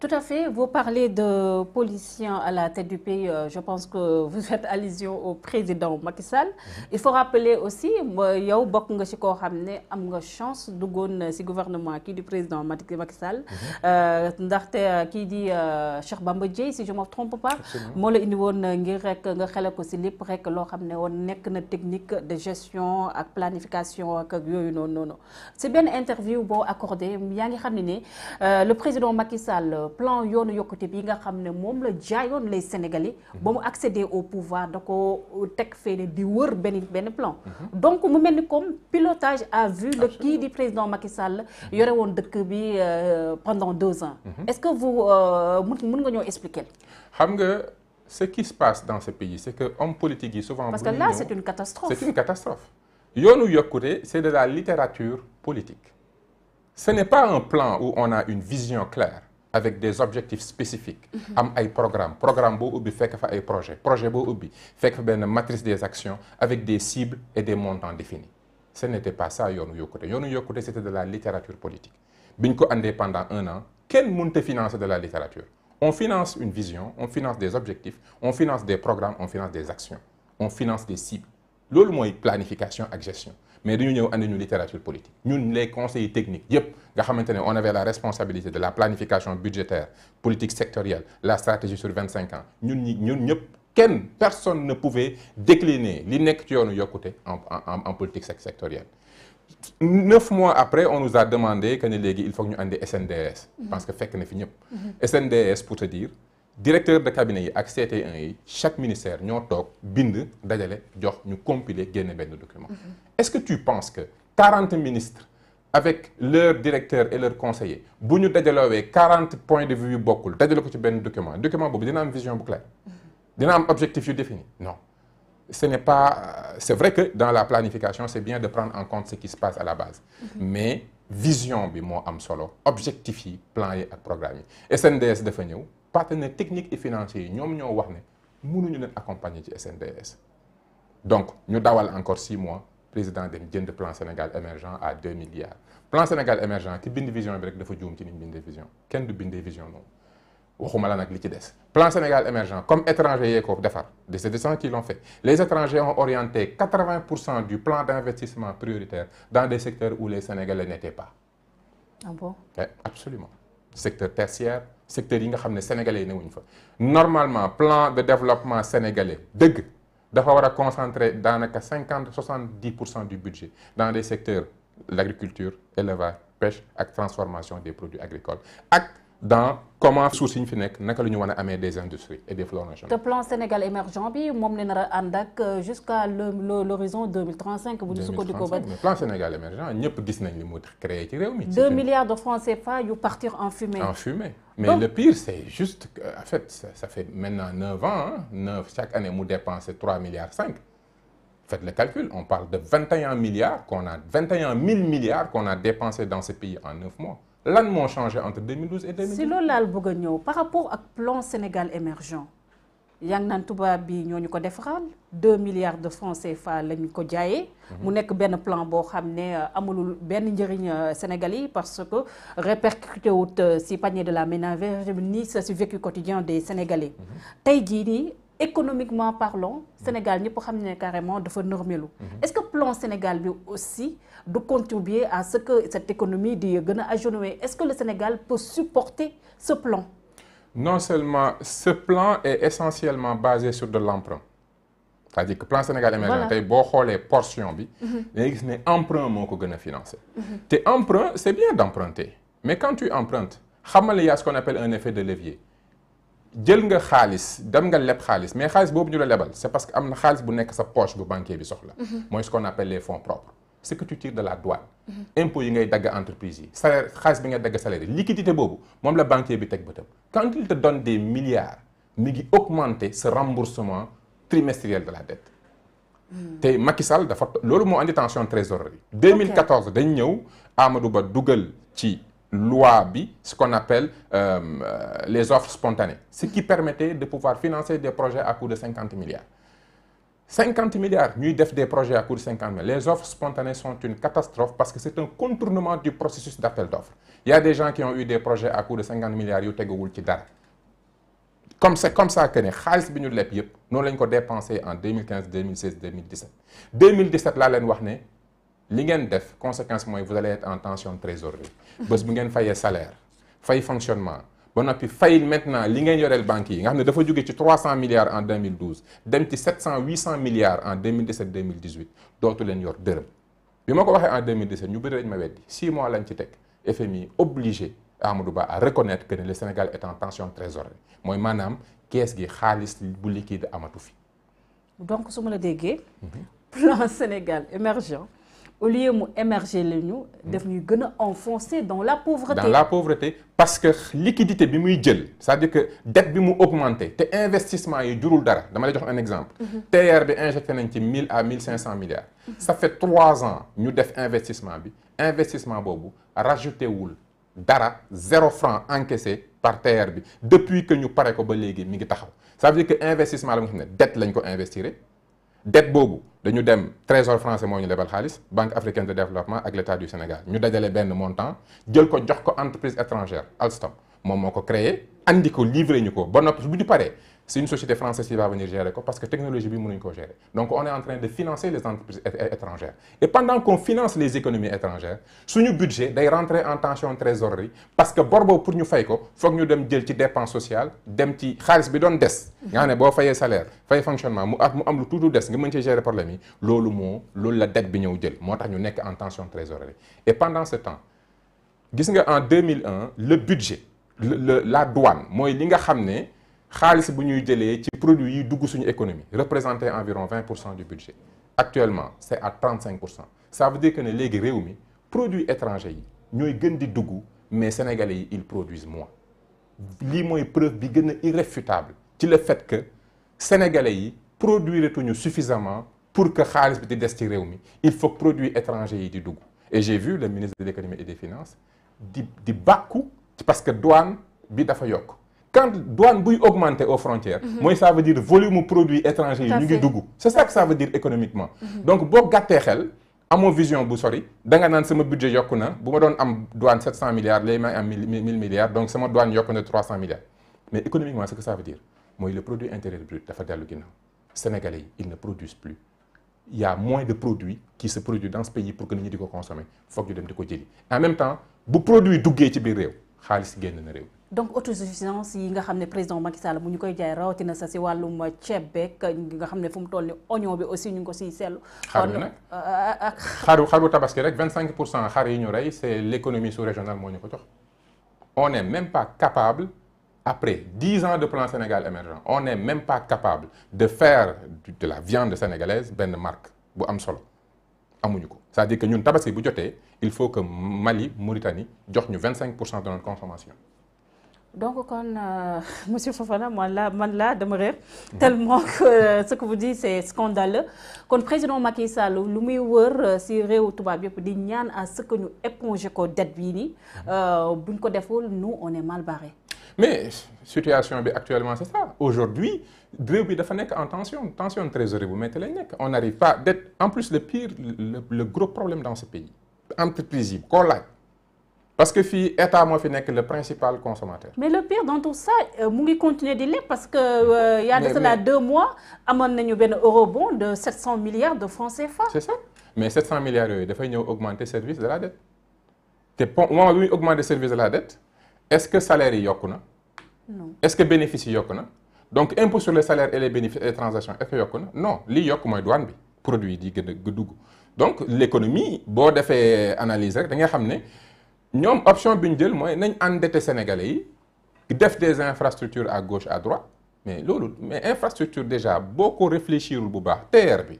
Tout à fait. Vous parlez de policiers à la tête du pays. Euh, je pense que vous faites allusion au président Macky Sall. Mhm. Il faut rappeler aussi yow bokk nga ci koo xam ne am nga chance duggoon ci gouvernement kii di président Macky Sall. Mhm. Euh, ndaxte euh, kii di Cheikh Bamba Dièye si je ne me trompe pas. moo la indi woon ngir rek nga xelal ko ci lépp rek loo xam ne woon nekk na technique de gestion ak planification ak yooyu noonu noonu. ci benn interview boo accordé yaa ngi xam ne ne le président plan yoonu yokkute bi nga xam ne moom la jaayoon les sénégali mhm. ba mu accéder au pouvoir da ko teg fee di wër benn benn plan mhm. donc mu mel ni comme pilotage à vue la kii di président Macky Sall mhm. yore woon dëkk bi euh, pendant deux ans est-ce que vous euh, mun nga ñoo expliquer xam nga ce qui se passe dans ce pays c'est que homme politique yi souvent parce que là c'est une catastrophe yoonu yokkute c'est de la littérature politique ce n'est pas un plan où on une vision claire avec des objectifs spécifiques mhm. am ay programme programme boo ubbi fekk fa ay projet projet boo ubbi fekk fa benn matrice des actions avec des cibles et des montants définis ce n'était pas ça yoonu yokkute yoonu yokkute c'était de la littérature politique bi ñu ko andee pendant un an kenn mënta financer de la littérature on finance une vision on finance des objectifs on finance des programmes on finance des actions on finance des cibles loolu mooy planification ak mais dañu ñëw andi ñu littérature politique ñun les conseillers techniques yépp nga xamante ne on avait la responsabilité de la planification budgétaire politique sectorielle la stratégie sur vingt cinq ans ñun ñi ñun ñëpp kenn personne ne pouvait décliner li nekk ci yoonu yokkute en en en politique sectorielle. neuf mois après on nous a demandé que ne léegi il faut que ñu andi SNDS. Mhm. parce que fekk na fi ñëpp. SNDS mhm. pour te dire. directeur de cabinet yi ak ct e yi chaque ministère ñoo toog bind dajale jox ñu compiler génne benn document mhm. est-ce que tu penses que quarante ministres avec leur directeur et leurs conseillers bu ñu dajaloowee quarante points de vue bokkul dajale ko ci benn document document boobu dina am vision bu mhm. am objectif yu défini non ce n'est pas euh, c'est vrai que dans la planification c'est bien de prendre en compte ce qui se passe à la base mhm. mais vision bi moo am solo objectif yi plan yi ak programme SNDS dafa ñëw partenaires techniques technique financiers yi ñoom ñoo wax ne ñu leen accompagner ci SNDS donc ñu dawal encore six mois président dem jënd plan Sénégal émergent à deux milliards plan Sénégal émergent ki bind bi rek dafa juum ci ni binde vision kenn du bindee vision noonu waxuma la nag li ci des plan Sénégal émergent comme étranger yee ko defar des citoyens qui l'ont fait les étrangers ont orienté pour cent du plan d'investissement prioritaire dans des secteurs où les Sénégalais n'étaient pas ah eh, secteur tertiaire secteur yi nga xam ne sénégalais yi newuñ fa normalement plan de développement sénégalais dëgg dafa war a concentrer daanaka cinquante soixante dix pour cent du budget dans les secteurs l'agriculture élevage pêche ak transformation des produits agricoles dans comment suuf si fi nekk naka la ñu war a amee des industries et des fleurons bi moom la nar a ànd ak euh, jusqu'à l'horizon 2035 bu ñu sukkandikoo ba plan Sénégal émergent ñëpp gis nañ li mu créé ci réew mi deux milliards de francs CFA yu partir en fumée en fumée mais le pire c'est juste que en fait chaque année mu dépensé milliards cinq faites le calcul on parle de vingt et un milliards qu'on a vingt et un mille milliards qu'on a dépensé dans ce pays en neuf mois lan moo changé entre et si loolu laal bëgg a ñëw par rapport ak plan Sénégal émergent yaa ngi naan tubaab bi ñoo ñu ko defaral 2 milliards de francs CFA la ñu ko jaaye mhm. mu nekk benn plan boo xam ne euh, amulul benn njëriñ euh, Sénégal yi parce que répercuté wut euh, si panier de la ménagère ni ça si vécu quotidien des Sénégalais. Mhm. tey jii nii. économiquement parlant Sénégal ñëpp xam ne carrément dafa normelu mhm. est-ce que plan Sénégal bi aussi du contribuer à ce que cette économie di gën a agenouer est-ce que le Sénégal peut supporter ce plan non seulement ce plan est essentiellement basé sur de l'emprunt c'est-à-dire que plan Sénégal émergent tey boo xoolee portion bi mhm. dangay gis ne emprunt moo ko gën a financé mhm. te emprunt c'est bien d'emprunter mais quand tu empruntes xamal ne y a ce qu'on de levier jël nga xaalis dem nga leb xaalis mais xaalis boobu ñu la lebal c'est parce que am na xaalis bu nekk sa poche bu banquier bi soxla mhm. mooy ce qu'on appelle les fonds propres ce de la douane mhm. impôts yi ngay dagg entreprise yi salaire xaalis bi ngay dagg salaire yi liquidité boobu moom la banquier bi teg bëtam quand il te donne des milliards mi ngi augmenter ce remboursement trimestriel de la dette hmm. te Macky Sall dafa loolu moo andi tension trésorerie 2014 dañ ñëw Amadou Ba dugal ci loi bi ce qu'on appelle euh, euh, les offres spontanées ce qui permettait de pouvoir financer des projets à coût de cinquante milliards cinquante milliards ñuy def des projets à coût de milliards les offres spontanées sont une catastrophe parce que c'est un contournement du processus d'appel d'offres il y a des gens qui ont eu des projets à coût de cinquante milliards yu teguwul ci dara comme ça que ne xaalis bi ñu leb yëpp noonu lañ en 2015 2016 2017 wax li ngeen def conséquence mooy vous allez être en tension de trésorerie bés bu ngeen fayee salaire fay fonctionnement ba noppi fay maintenant li ngeen yoreel banques yi nga xam ne dafa jóge ci 300 milliards en 2012 dem ci 700 800 milliards en 2017 2018 dootu leen yor dërëm bi ma ko waxee en 2017 ñu bëri dañ ma weddi 6 mois lañ ci teg FMI obligé Amadou Ba à reconnaître que ne le Sénégal est en tension de trésorerie mooy maanaam kees gi xaalis bu liquide amatu fi. donc su ma la déggee. Mhm. plan Sénégal au lieu mu émerger la ñu. daf ñuy gën a enfoncer dans la pauvreté. dans la pauvreté parce que liquidité bi muy jël c'est-à-dire que dette bi mu augmenter te investissement yi jurul dara dama lay jox un exemple. Mhm. TER bi injecté nañ ci mille à mille cinq cent milliards. Mhm. ça fait trois ans ñu def investissement bi investissement boobu rajouté wul dara zéro franc encaissé par TER bi depuis que ñu pare ko ba léegi mi ngi taxaw ça veut dire que investissement la nga xam ne dette lañ ko investir. dette boobu dañu dem trésor français moo ñu lebal xaalis banque africaine de développement ak l'état du Sénégal ñu dajale benn montant jël ko jox ko entreprise étrangère Alstom moom moo ko créé indi ko livré ñu ko ba noppi bu ñu paree c'est une société française qui va venir gérer quoi parce que technologie bi mënuñ koo gérer donc on est en train de financer les entreprises étrangères et pendant qu'on finance les économies étrangères suñu budget day rentrer en tension trésorerie parce que bor pour ñu fay ko foog ñu dem jël ci dépense sociale dem ci xaalis bi doon des nga xam ne boo fayee salaire fay fonctionnement mu at mu am lu tuuti des nga mën ci gérer problème yi loolu moo loolu l dette bi ñëw jël moo ñu nekk en tension trésorerie et pendant gis nga en 2001 le budget le la douane mooy li nga xam ne xaalis bu ñuy jëlee ci produit yi dugg suñu économie représenté environ vingt pour cent du budget actuellement c' est à trente cinq cent ça veut dire que ne léegi réew mi produit étrangers yi ñooy gën di dugg mais sénégalais yi ils produit moins lii mooy preuve bi gën a irréfutable ci le fait que sénégalais yi produire tuñu suffisamment pour que xaalis bi di des ci réew mi il faut que produits étrangers yi di dugg et j'ai vu le ministre de l'économie et des finances di di bàkku parce que douane bi dafa yokk quand douane buy augmenter aux frontières mhm. mooy ça veut dire volume produit étranger yi ñu ngi dugg c'est ça que ça dire économiquement mhm. donc boo gàttee xel amoo vision bu sori da nga naan sama budget yokku na bu ma doon am douane 700 milliards léegi may am 1000 milliards donc sama douane yokku na 300 milliards mais économiquement ce que ça dire mooy le produit intérieur brut dafa dellu ginnaaw sénégalais ils ne produisent plus il moins de produits qui se produisent dans ce dem di ko jëli en même temps bu produit duggee ci biir réew xaalis génn na donc autosuffisance yi nga xam ne président Macky Sall mu ñu koy jaay rawatina sa si wàllum ceeb beeg nga xam ne fu mu toll ni oignon bi aussi ñu ngi ko siy seetlu. xar bi nag euh, euh, euh, xaru xaru tabaski rek 25 pour cent xar yi ñu rey c' est l' économie sous régionale moo ñu ko jox. on n'est même pas capable après 10 ans de plan Sénégal émergent on n'est même pas capable de faire de la viande sénégalaise benn marque bu am solo amuñu ko c'est-à-dire que ñun tabaski bu jotee il faut que Mali Mauritanie jox ñu 25 pour cent de donc kon euh, monsieur Fofana man la man la dama tellement que euh, ce que vous dites c'est scandaleux kon président Macky Sall lu muy wër euh, si réew tubaab yëpp di ñaan à ce que ñu éponger ko dette bii nii mhm. buñ ko deful nous on est mal barré mais situation bi actuellement c'est ça aujourd'hui réew bi dafa nekk en tension tension trésorerie bu métti lañ nekk on n'arrive pas en plus le pire le, gros problème dans ce pays entreprise yi koo parce que fii état moo fi nekk le principal consommateur. mais le pire dans tout ça euh, mu ngi continuer di leb parce que. Euh, y a de cela deux benn eurobond de 700 milliards de francs CFA. c'est ça mais 700 milliards yooyu dafay ñëw augmenter de la dette pon moment bi muy augmenter service de la dette est-ce que salaire yi yokku na. est-ce que bénéfice yi yokku na donc impôt sur les salaires et les bénéfices et les transactions est-ce que yokku na non li yokk mooy douane bi produit yi di gën a dugg donc l'économie boo defee analyse rek da nga xam ne. ñoom option bi ñu jël mooy nañu endetté sénégalais def des infrastructures à gauche à droite mais loolu mais infrastructure déjà boo ko réfléchirul bu baax TER bi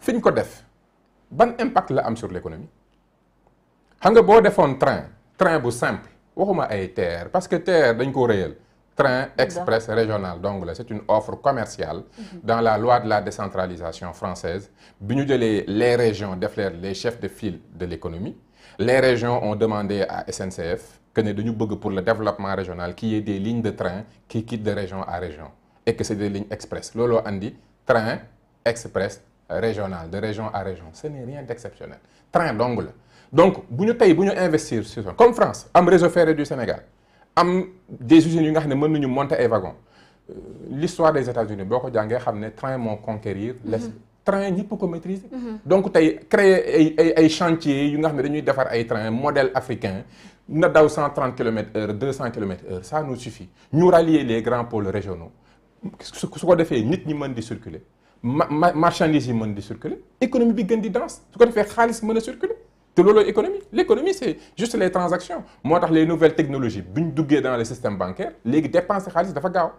fi ko def ban impact la am sur l'économie xam nga boo defoon train train bu simple waxuma ay TER parce que TER dañ ko réyal train express régional donc là c'est une offre commerciale mm-hmm. dans la loi de la décentralisation française bi ñu jëlee les régions def leen les chefs de file de l'économie les régions ont demandé à SNCF que ne ñu bëgg pour le développement régional qu'il y ait des lignes de train qui quittent de région à région et que c'est des lignes express looloo andi train express régional de région à région ce n'est rien d'exceptionnel train dong la donc bu ñu tey bu ñu investir sur comme France am réseau ferré du Sénégal am des usines yu nga xam ne mën nañu monter ay wagons euh, l'histoire des États-Unis boo ko jàngee xam ne train moo conquérir l'Est mm-hmm. train ñëpp ko maîtriser. Mhm. donc tey créer ay ay ay chantier yu nga xam ne dañuy defar ay train modèle africain na daw cent trente kilomètres heure deux cent kilomètres heure ça nous suffit ñu rallier les grands pôles régionaux su ko defee nit ñi mën di circuler ma marchandise yi mën di circuler économie bi gën di danse su ko defee xaalis mën a circuler te looloo économie l'économie c'est juste les transactions moo tax les nouvelles technologies bu ñu duggee dans le système bancaire léegi dépenser xaalis dafa gaaw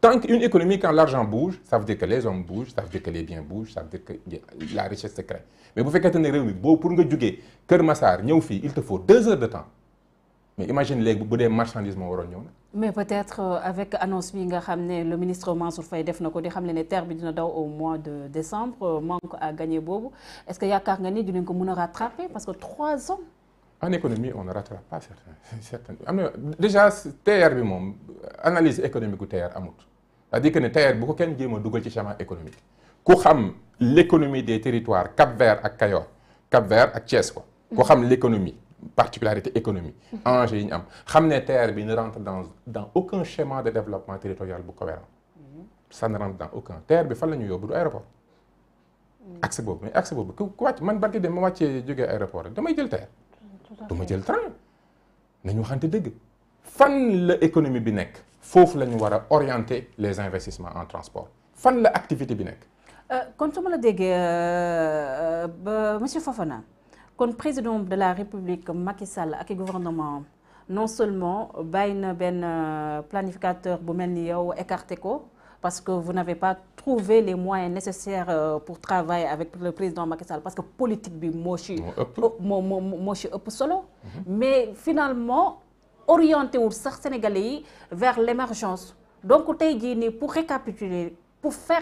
Tant qu'une économie, quand l'argent bouge, ça veut dire que les hommes bougent, ça veut dire que les biens bougent, ça veut dire que la richesse se Mais bu fekkente ne réew mi boo pour nga jugee Kër Massar ñëw fii il te faut deux heures de temps mais imagine léegi bu dee marchandise moo ñëw na. mais peut-être euh, avec annonce bi nga xam ne le ministre Mansour Faye def na ko di xam le ne terre bi dina daw au mois de décembre euh, manque à gagner boobu est yaakaar nga ni dinañ ko mën que trois ans. en économie on ne rattrape pas certains certains am na déjà TR bi moom analyse économique gu TR amut c'est-à-dire que ne TR bu ko kenn jéem a dugal ci schéma économique ku xam l'économie des territoires Cap-Vert ak Kayor Cap-Vert ak Thiès ko ku xam l'économie particularité économie mhm. enjeux yi ñu am xam ne TR bi ne rentre dans dans aucun schéma de développement territorial bu cohérent sa mhm. ne rentre dans aucun TR bi fan la ñu yóbbu du aéroport mhm. axe boobu boobu ku wàcc man barki dem ma wàccee jógee aéroport damay jël TR du ma jël train nañu waxante dëgg fan la économie bi nekk foofu la ñu war a orienter les investissements en transport fan la activité bi nekk euh, kon su ma la déggee euh, euh, monsieur Fofana kon président de la république Macky Sall ak i gouvernement non seulement bàyyi na benn planificateur bu mel ni yow écarté ko parce que vous n'avez pas trouvé les moyens nécessaires euh, pour travailler avec le président Macky Sall parce que politique bi moo ci moo moo moo ci ëpp solo mhm. mais finalement orienté wul sax sénégalais yi vers l'émergence donc tey jii nii pour récapituler pour faire